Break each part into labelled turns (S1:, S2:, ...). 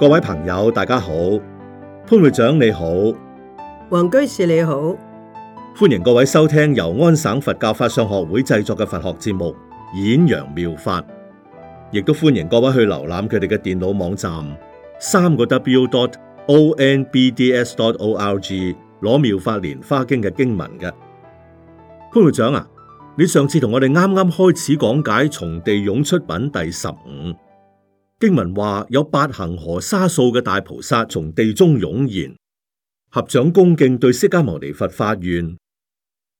S1: 各位朋友，大家好，潘會長你好，王居士你好，歡迎各位收聽由安省佛教法相學會製作嘅佛學節目《演揚妙法》，亦都歡迎各位去瀏覽佢哋嘅電腦網站，三個 W dot o N B D S 點 O L G 攞妙法蓮華經嘅經文嘅。潘會長啊，你上次同我哋啱啱開始講解《從地涌出品》第十五。經文話有八恒河沙數嘅大菩薩從地中涌現，合掌恭敬對釋迦牟尼佛發願：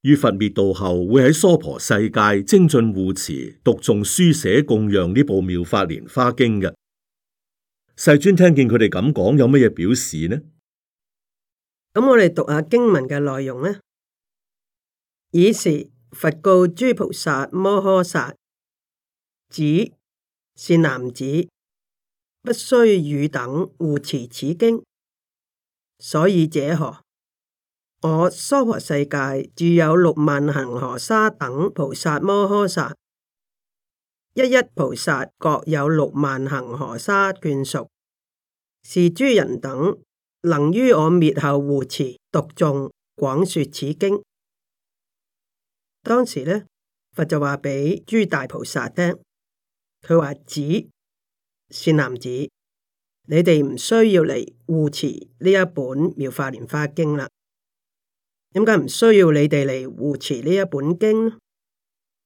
S1: 於佛滅度後會喺娑婆世界精進護持、讀誦、書寫、供養呢部妙法蓮花經嘅。世尊聽見佢哋咁講，有乜嘢表示
S2: 呢？咁我哋讀下經文嘅內容呢。爾時，佛告諸菩薩摩訶薩：止，善男子。不須汝等護持此經，所以者何？我娑婆世界住有六萬恒河沙等菩薩摩訶薩，一一菩薩各有六萬恒河沙眷屬，是諸人等能於我滅後護持讀誦廣說此經。當時呢，佛就話畀諸大菩薩聽，佢話子。善男子，你哋唔需要嚟護持呢一本《妙法蓮花經》啦。點解唔需要你哋嚟護持呢一本經呢？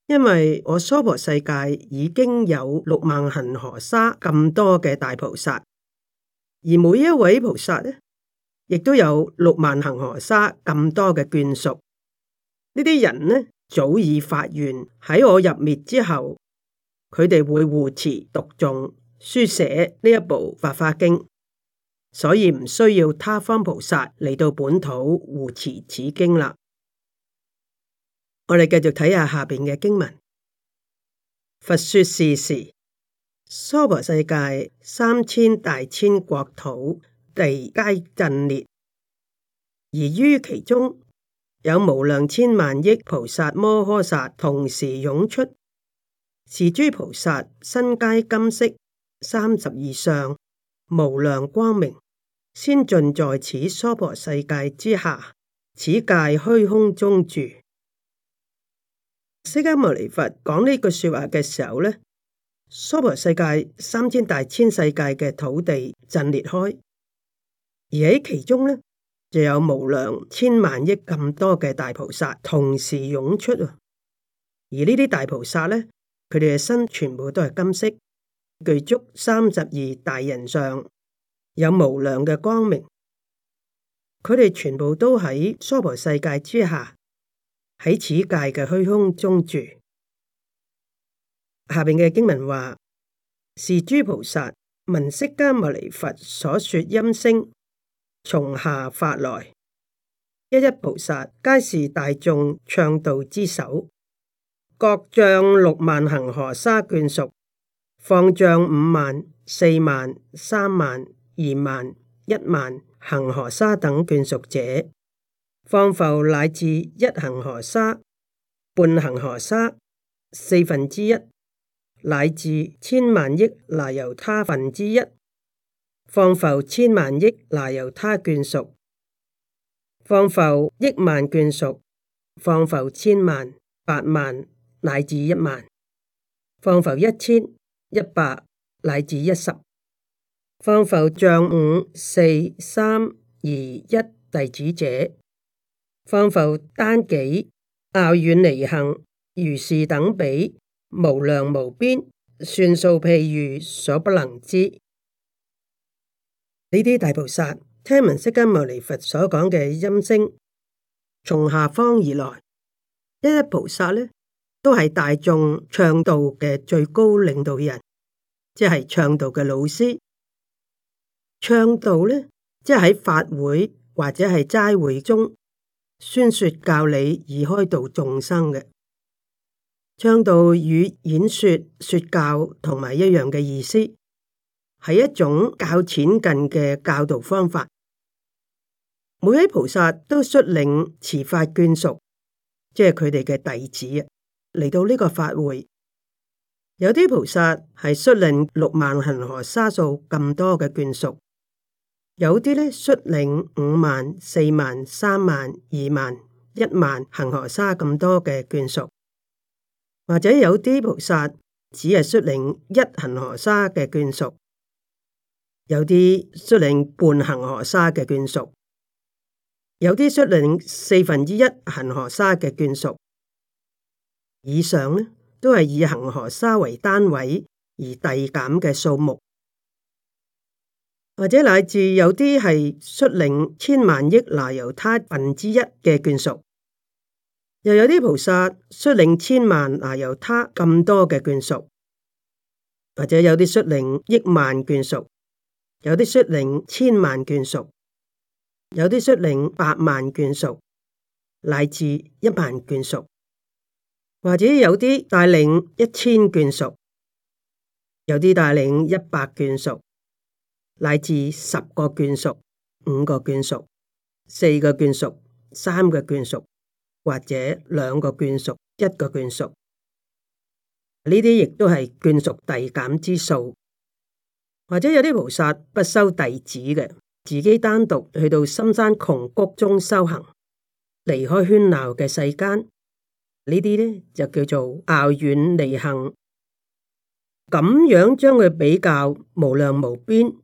S2: 因為我娑婆世界已經有六萬恒河沙咁多嘅大菩薩，而每一位菩薩呢，亦都有六萬恒河沙咁多嘅眷屬。呢啲人呢，早已發願喺我入滅之後，佢哋會護持讀誦。書寫呢一部《法華經》，所以唔需要他方菩薩嚟到本土護持此經啦。我哋繼續睇下下邊嘅經文。佛說是時，娑婆世界三千大千國土地皆震裂，而於其中有無量千萬億菩薩摩訶薩同時湧出，是諸菩薩身皆金色。三十以上無量光明，先盡在此娑婆世界之下，此界虛空中住。釋迦牟尼佛講呢句說話嘅時候咧，娑婆世界三千大千世界嘅土地震裂開，而喺其中咧，就有無量千萬億咁多嘅大菩薩同時湧出，啊，而呢啲大菩薩咧，佢哋嘅身全部都係金色。具足三十二大人相，有無量嘅光明。佢哋全部都喺娑婆世界之下，喺此界嘅虛空中住。下邊嘅經文話：是諸菩薩聞釋迦牟尼佛所說音聲，從下發來，一一菩薩皆是大眾唱導之首，各將六萬恒河沙眷屬。放仗五萬、四萬、三萬、二萬、一萬恒河沙等眷屬者，放浮乃至一恒河沙、半恒河沙、四分之一乃至千萬億那由他分之一，放浮千萬億那由他眷屬，放浮億萬眷屬，放浮千萬、八萬乃至一萬，放浮一千。一百乃至一十，復有將五、四、三、二、一弟子者，復有單己，樂遠離行，如是等比，無量無邊，算數譬喻所不能知。呢啲大菩薩聽聞釋迦牟尼佛所講嘅音聲，從下方而來，呢啲菩薩呢？都係大眾唱導嘅最高領導人，即係唱導嘅老師。唱導呢，即係喺法會或者係齋會中宣說教理而開導眾生嘅。唱導與演說說教同埋一樣嘅意思，係一種較淺近嘅教導方法。每位菩薩都率領持法眷屬，即係佢哋嘅弟子。嚟到呢個法會，有啲菩薩係率領六萬恒河沙數咁多嘅眷屬，有啲咧率領五萬、四萬、三萬、二萬、一萬恒河沙咁多嘅眷屬，或者有啲菩薩只係率領一恒河沙嘅眷屬，有啲率領半恒河沙嘅眷屬，有啲率領四分之一恒河沙嘅眷屬。以上呢都係以恒河沙為單位而遞減嘅數目，或者乃至有啲係率領千萬億那由他分之一嘅眷屬，又有啲菩薩率領千萬那由他咁多嘅眷屬，或者有啲率領億萬眷屬，有啲率領千萬眷屬，有啲率領百萬眷屬，乃至一萬眷屬。或者有啲帶領一千眷屬，有啲帶領一百眷屬，乃至十個眷屬、五個眷屬、四個眷屬、三個眷屬，或者兩個眷屬、一個眷屬，呢啲亦都係眷屬遞減之數。或者有啲菩薩不收弟子嘅，自己單獨去到深山窮谷中修行，離開喧鬧嘅世間。呢啲咧就叫做遙遠離行」。咁樣將佢比較無量無邊，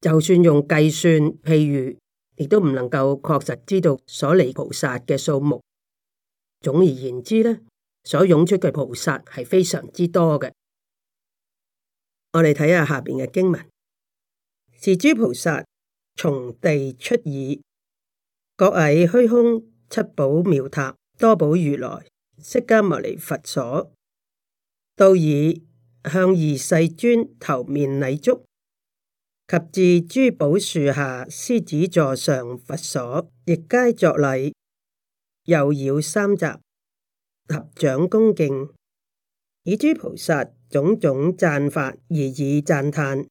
S2: 就算用計算，譬如亦都唔能夠確實知道所離菩薩嘅數目。總而言之咧，所涌出嘅菩薩係非常之多嘅。我哋睇下下邊嘅經文，是諸菩薩從地出已，各詣虛空七寶妙塔多寶如來。釋迦牟尼佛所，到已向二世尊頭面禮足，及至諸寶樹下獅子座上佛所，亦皆作禮，右繞三匝，合掌恭敬，以諸菩薩種種讚法而以讚嘆，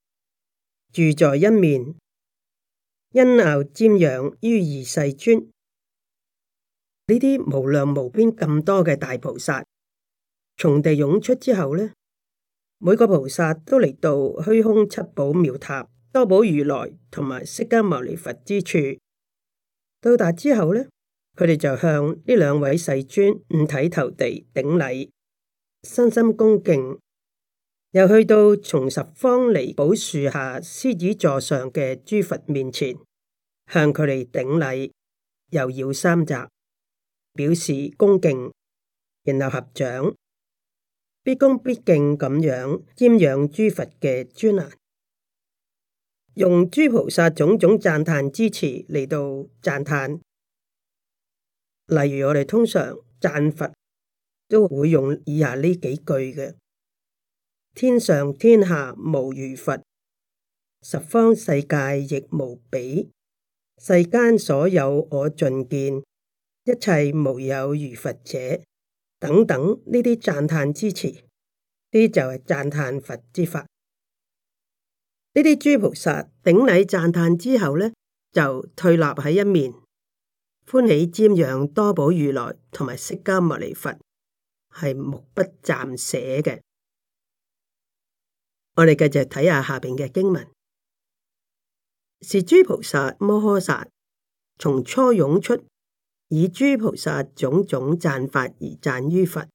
S2: 住在一面，因牛瞻仰於二世尊。呢啲無量無邊咁多嘅大菩薩從地湧出之後呢，每個菩薩都嚟到虛空七寶妙塔多寶如來同埋釋迦牟尼佛之處，到達之後呢，佢哋就向呢兩位世尊五體投地頂禮，身心恭敬，又去到從十方離寶樹下獅子座上嘅諸佛面前，向佢哋頂禮，又繞三匝。表示恭敬，然後合掌，必恭必敬咁樣瞻仰諸佛嘅尊顏，用諸菩薩種種讚嘆之詞嚟到讚嘆。例如我哋通常讚佛都會用以下呢幾句嘅：天上天下無如佛，十方世界亦無比，世間所有我盡見。一切無有如佛者，等等呢啲讚嘆之詞，呢啲就係讚嘆佛之法。呢啲諸菩薩頂禮讚嘆之後咧，就退立喺一面歡喜瞻仰多寶如來同埋釋迦牟尼佛，係目不暫捨嘅。我哋繼續睇下下邊嘅經文，是諸菩薩摩訶薩從初湧出。以諸菩薩種種贊法而贊於佛，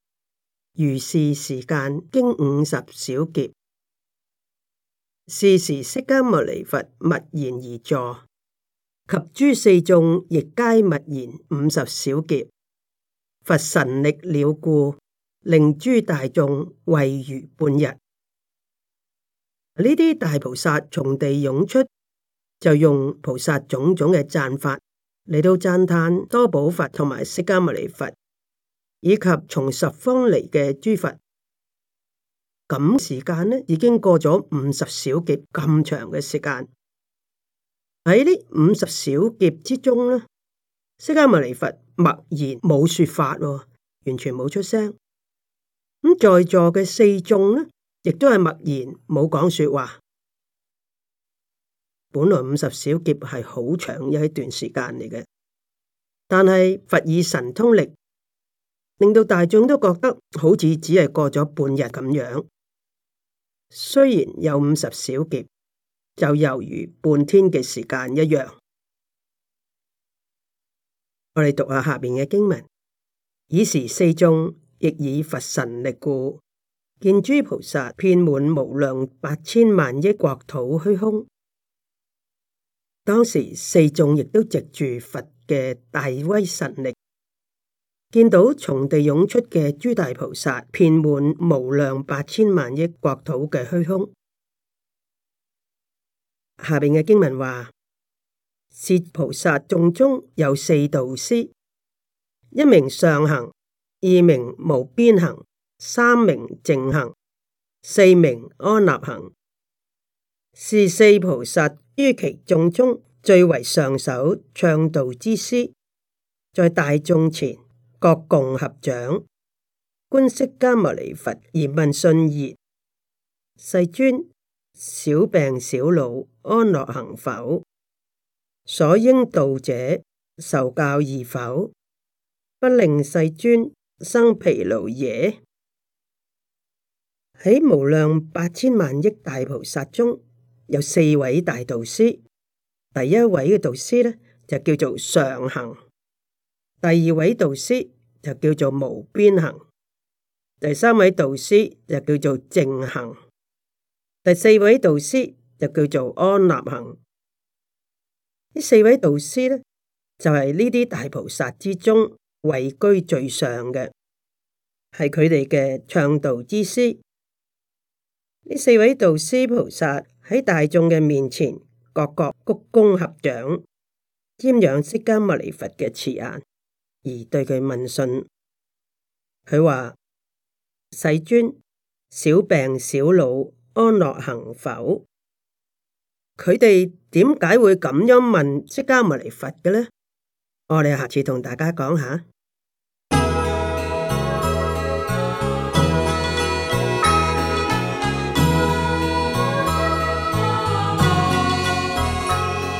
S2: 如是時間經五十小劫。是時釋迦牟尼佛默然而坐，及諸四眾亦皆默然。五十小劫，佛神力了故，令諸大眾謂如半日。呢啲大菩薩從地湧出，就用菩薩種種嘅贊法。嚟到讚嘆多寶佛同埋釋迦牟尼佛，以及從十方嚟嘅諸佛。咁時間咧，已經過咗五十小劫咁長嘅時間。喺呢五十小劫之中咧，釋迦牟尼佛默然冇說法，完全冇出聲。咁在座嘅四眾咧，亦都係默然冇講說話。本來五十小劫係好長嘅一段時間嚟嘅。但係佛以神通力，令到大眾都覺得好似只係過咗半日咁樣。雖然有五十小劫，就猶如半天嘅時間一樣。我哋讀下下邊嘅經文：「爾時四眾亦以佛神力故，見諸菩薩遍滿無量百千萬億國土虛空。當時四眾亦都藉住佛嘅大威神力，見到從地涌出嘅諸大菩薩，遍滿無量八千萬億國土嘅虛空。下面嘅經文話：是菩薩眾中有四導師，一名上行，二名無邊行，三名淨行，四名安立行。是四菩薩於其眾中最為上首唱導之師，在大眾前各共合掌，觀釋迦牟尼佛而問訊言：世尊，小病小老安樂行否？所應道者受教而否？不令世尊生疲勞耶？喺無量八千萬億大菩薩中。有四位大導師，第一位嘅導師咧就叫做上行，第二位導師就叫做無邊行，第三位導師就叫做淨行，第四位導師就叫做安立行。呢四位導師咧就係呢啲大菩薩之中位居最上嘅，係佢哋嘅唱導之師。呢四位導師菩薩。喺大眾嘅面前，各各鞠躬合掌，瞻仰釋迦牟尼佛嘅慈顏，而對佢問訊。佢話：世尊，少病少惱，安樂行否？佢哋點解會咁樣問釋迦牟尼佛嘅咧？我哋下次同大家講下。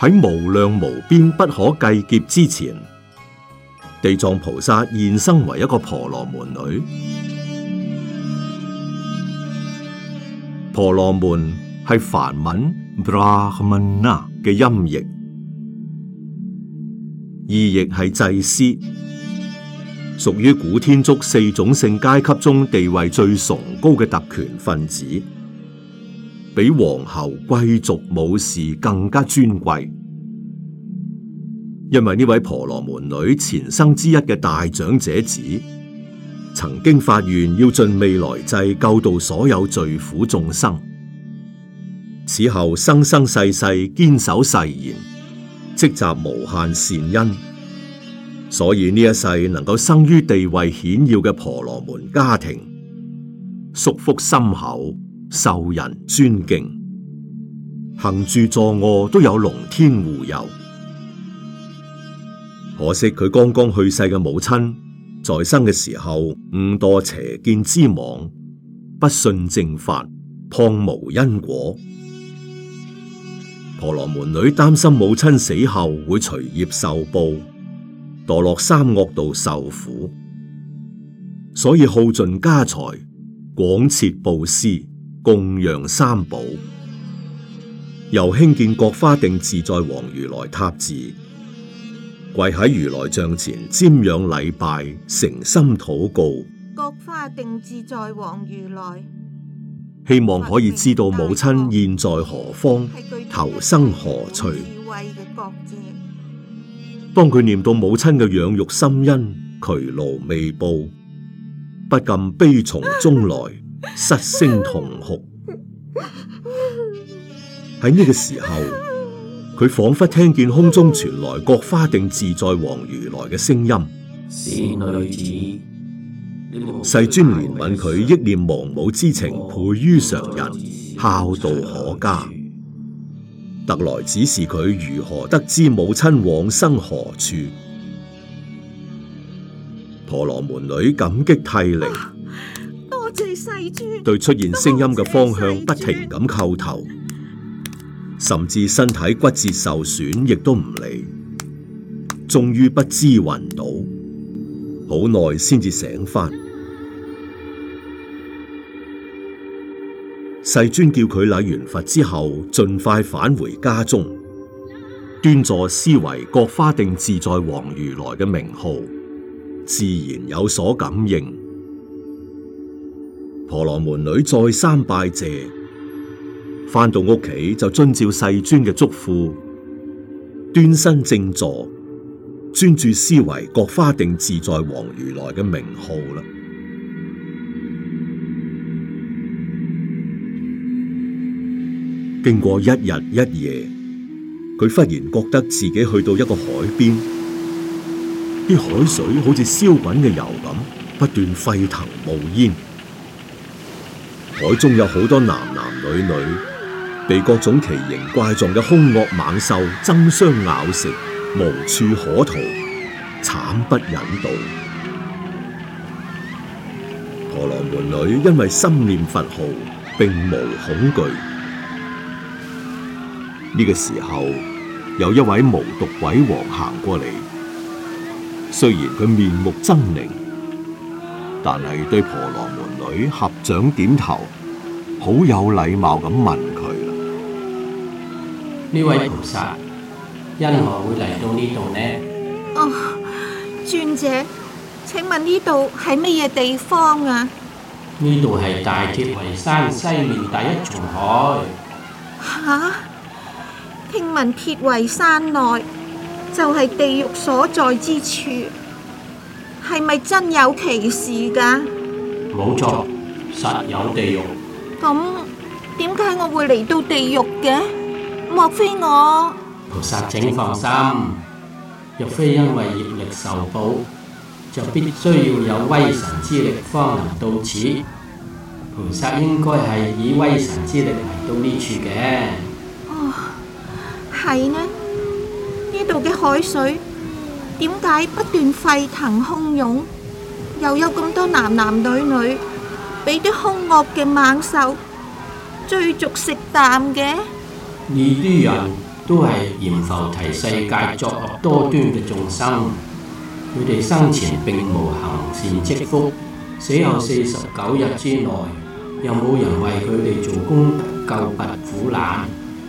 S1: 喺無量無邊不可計劫之前，地藏菩薩現身為一個婆羅門女。婆羅門係梵文 brahmana 嘅音譯，意譯係祭司，屬於古天竺四種姓階級中地位最崇高嘅特權分子。比皇后、貴族、武士更加尊貴，因為呢位婆羅門女前生之一嘅大長者子，曾經發願要盡未來際救度所有罪苦眾生，此後生生世世堅守誓言，積集無限善恩。所以呢一世能夠生於地位顯要嘅婆羅門家庭，屬福深厚。受人尊敬，行住坐臥都有龍天護佑。可惜佢剛剛去世嘅母親，在生嘅時候誤墮邪見之網，不信正法，謗無因果。婆羅門女擔心母親死後會隨業受報，墮落三惡道受苦，所以耗盡家財，廣設布施。供養三寶，由興建覺華定自在王如來塔寺，跪喺如來像前瞻仰禮拜，誠心禱告。
S3: 覺華定自在王如來，
S1: 希望可以知道母親現在何方，投生何趣？當佢念到母親嘅養育心恩，劬勞未報，不禁悲從中來，失聲痛哭。喺呢個時候，佢仿佛聽見空中傳來覺華定自在王如來嘅聲音。是女子，世尊憐憫佢憶念亡母之情，倍母於常人，孝道可嘉。特來指示佢如何得知母親往生何處。婆羅門女感激涕零。 對出現聲音嘅方向不停咁叩頭，甚至身體骨折受損亦都唔理，終於不知暈倒，好耐先至醒返。世尊叫佢禮完佛之後，盡快返回家中，端坐思維覺華定自在王如來嘅名號，自然有所感應。婆羅門女再三拜謝，翻到屋企就遵照世尊嘅囑咐，端身正坐，專注思維，覺華定自在王如來嘅名號啦。經過一日一夜，佢忽然覺得自己去到一個海邊，啲海水好似燒滾嘅油咁，不斷沸騰冒煙。海中有好多男男女女，被各種奇形怪狀嘅兇惡猛獸爭相咬食，無處可逃，慘不忍睹。婆羅門女因為心念佛號，並無恐懼。呢個時候，有一位無毒鬼王行過嚟，雖然佢面目猙獰，但係對婆羅。佢合掌點頭，好有禮貌咁問佢啦。
S4: 呢位菩薩，因何會嚟到呢度呢？哦，
S3: 尊者，請問呢度係乜嘢地方啊？
S4: 呢度係大鐵圍山西面第一重海。
S3: 吓，聽聞鐵圍山內就係地獄所在之處，係咪真有其事噶？
S4: 冇錯，實有地獄。
S3: 咁點解我會嚟到地獄嘅？莫非我？
S4: 菩薩，請放心，若非因為業力受報，就必須要有威神之力方能到此。菩薩應該係以威神之力嚟到呢處嘅。哦，
S3: 係呢？呢度嘅海水點解不斷沸騰洶湧？又有咁多男男女女，俾啲兇惡嘅猛獸追逐食啖嘅。
S4: 呢啲人都係閻浮提世界作惡多端嘅眾生，佢哋生前並無行善積福，死後四十九日之內又冇人為佢哋做功救拔苦難，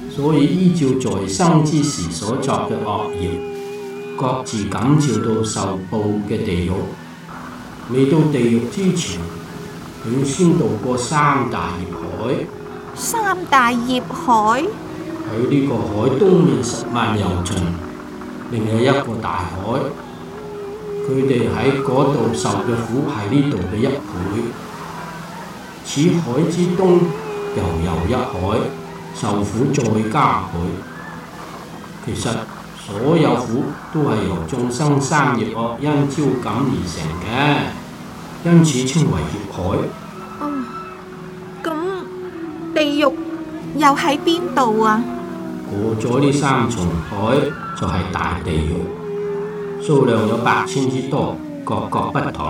S4: 所以依照在生之時所作嘅惡業，各自感召到受報嘅地獄。未到地獄之前，要先渡過三大業海。
S3: 三大業海，
S4: 喺呢個海東面十萬由旬，另有一個大海。佢哋喺嗰度受嘅苦係呢度嘅一倍。此海之東又有一海，受苦再加倍。其實所有苦都係由眾生三業惡因招感而成嘅。因此稱為業海。
S3: 哦，咁地獄又喺邊度啊？
S4: 過咗呢三重海就係大地獄，數量有八千之多，各各不同。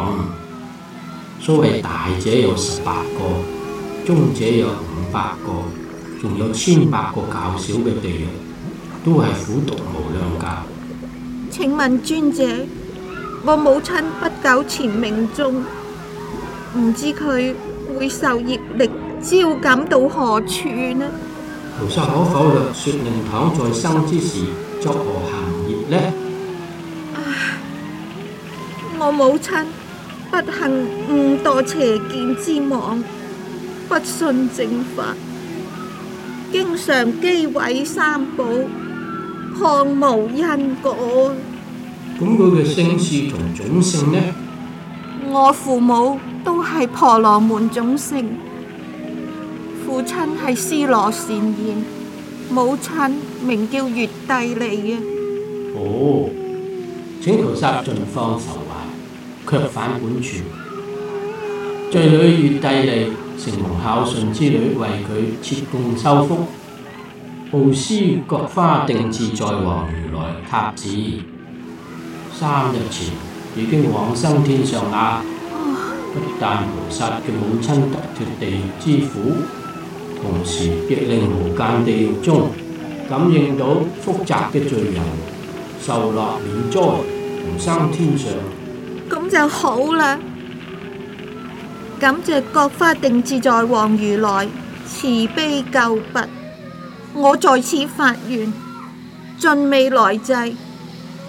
S4: 所謂大者有十八個，中者有五百個，仲有千百個較小嘅地獄，都係苦毒無量噶。
S3: 請問尊者，我母親不久前命終。唔知佢會受業力招感到何處呢？
S4: 菩薩可否說令堂在生之時作何行業呢？唉，
S3: 我母親不幸誤墮邪見之網，不信正法，經常譏毀三寶，看無因果。
S4: 咁佢嘅姓氏同種姓呢？
S3: 我父母都係婆羅門種姓，父親係屍羅善現，母親名叫悅帝利
S4: 啊！哦，請菩薩盡放求還，卻返本處。罪女悅帝利，承蒙孝順之女為設，為佢設供修福，布施覺華定自在王如來塔寺三日前。已經往生天上啦！不但菩薩嘅母親得脫地之苦，同時亦令無間地獄中感應到複雜嘅罪人受樂免災，同生天上。
S3: 咁就好啦！感謝覺華定自在王如來慈悲救拔，我在此發願，盡未來際。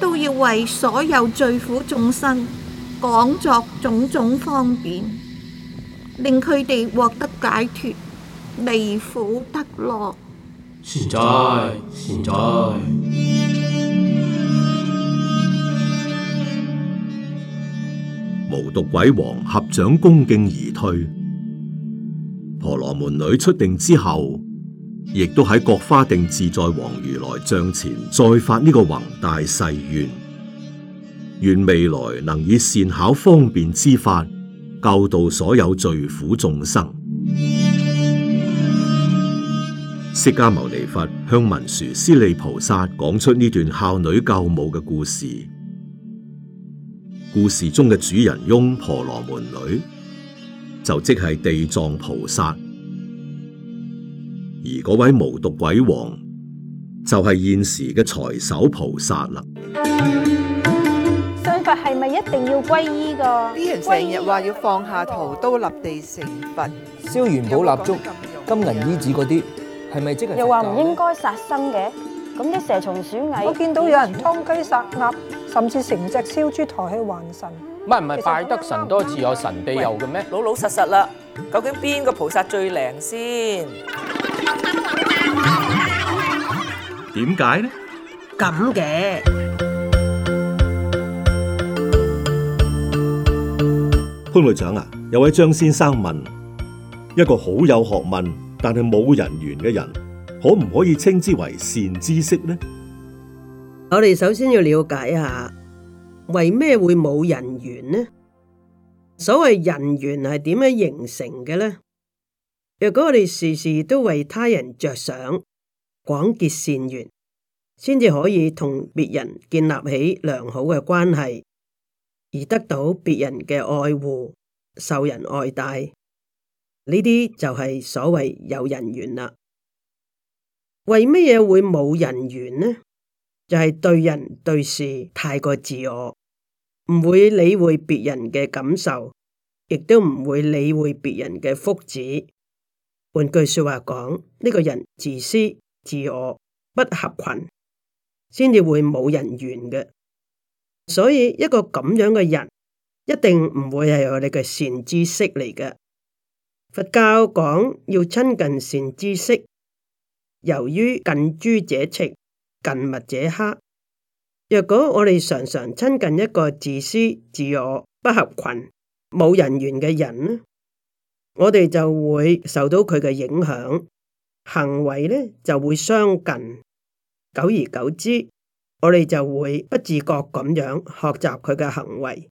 S3: 都要為所有罪苦眾生講作種種方便，令佢哋獲得解脫，離苦得樂。
S4: 善哉，善哉！
S1: 無毒鬼王合掌恭敬而退。婆羅門女出定之後，亦都喺國花定自在王如來像前再發呢個宏大誓願，願未來能以善巧方便之法教導所有罪苦眾生。 釋迦牟尼佛向文殊師利菩薩講出呢段孝女救母嘅故事。故事中嘅主人翁婆羅門女，就即係地藏菩薩。而嗰位無毒鬼王就係、是、現時嘅財首菩薩啦。
S3: 信佛係咪一定要皈依噶？啲人成日話要放下屠刀醫立地成
S1: 佛，燒元寶蠟燭、金銀衣紙嗰啲，係咪、嗯、即係？又話唔應
S3: 該殺生嘅，咁啲蛇蟲鼠蟻，我見到有人劏雞殺鴨，甚至成隻燒豬抬去還神。
S4: 唔係唔係拜得神多自有神庇佑嘅咩？喂老老實實啦，
S3: 究竟邊個菩薩最靈先？點解呢？咁嘅
S1: 潘會長啊，有位張先生問：一個好有學問但係冇人緣嘅人，可唔可以稱之為善知識呢？
S2: 我哋首先要了解一下，為咩會冇人緣呢？所謂人緣係點樣形成嘅呢？若果我哋時時都為他人着想。廣結善緣，先至可以同別人建立起良好嘅關係，而得到別人嘅愛護，受人愛戴。呢啲就係所謂有人緣啦。為乜嘢會冇人緣呢？就係對人對事太過自我，唔會理會別人嘅感受，亦都唔會理會別人嘅福祉。換句說話講，呢個人自私。自我不合群，先至會冇人緣嘅。所以一個咁樣嘅人，一定唔會係我哋嘅善知識嚟嘅。佛教講要親近善知識，由於近朱者赤，近墨者黑。若果我哋常常親近一個自私、自我、不合群、冇人緣嘅人呢，我哋就會受到佢嘅影響。行為咧就會相近，久而久之，我哋就會不自覺咁樣學習佢嘅行為，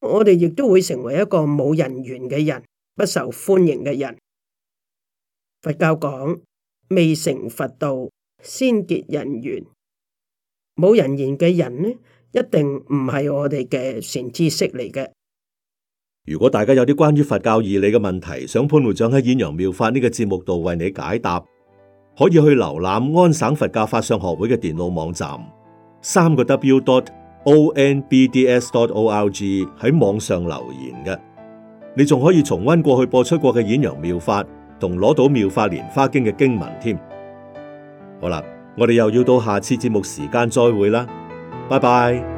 S2: 我哋亦都會成為一個冇人緣嘅人，不受歡迎嘅人。佛教講，未成佛道，先結人緣。冇人緣嘅人呢，一定唔係我哋嘅善知識嚟嘅。
S1: 如果大家有啲關於佛教義理嘅問題，想潘會長喺《演揚妙法》呢、這個節目度為你解答，可以去瀏覽安省佛教法相學會嘅電腦網站，三個 W dot O N B D S dot O R G 喺網上留言嘅。你仲可以重溫過去播出過嘅《演揚妙法》同攞到《妙法蓮花經》嘅經文添。好啦，我哋又要到下次節目時間再會啦，拜拜。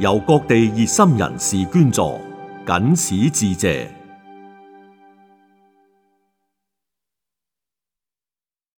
S1: 由各地熱心人士捐助，謹此致謝。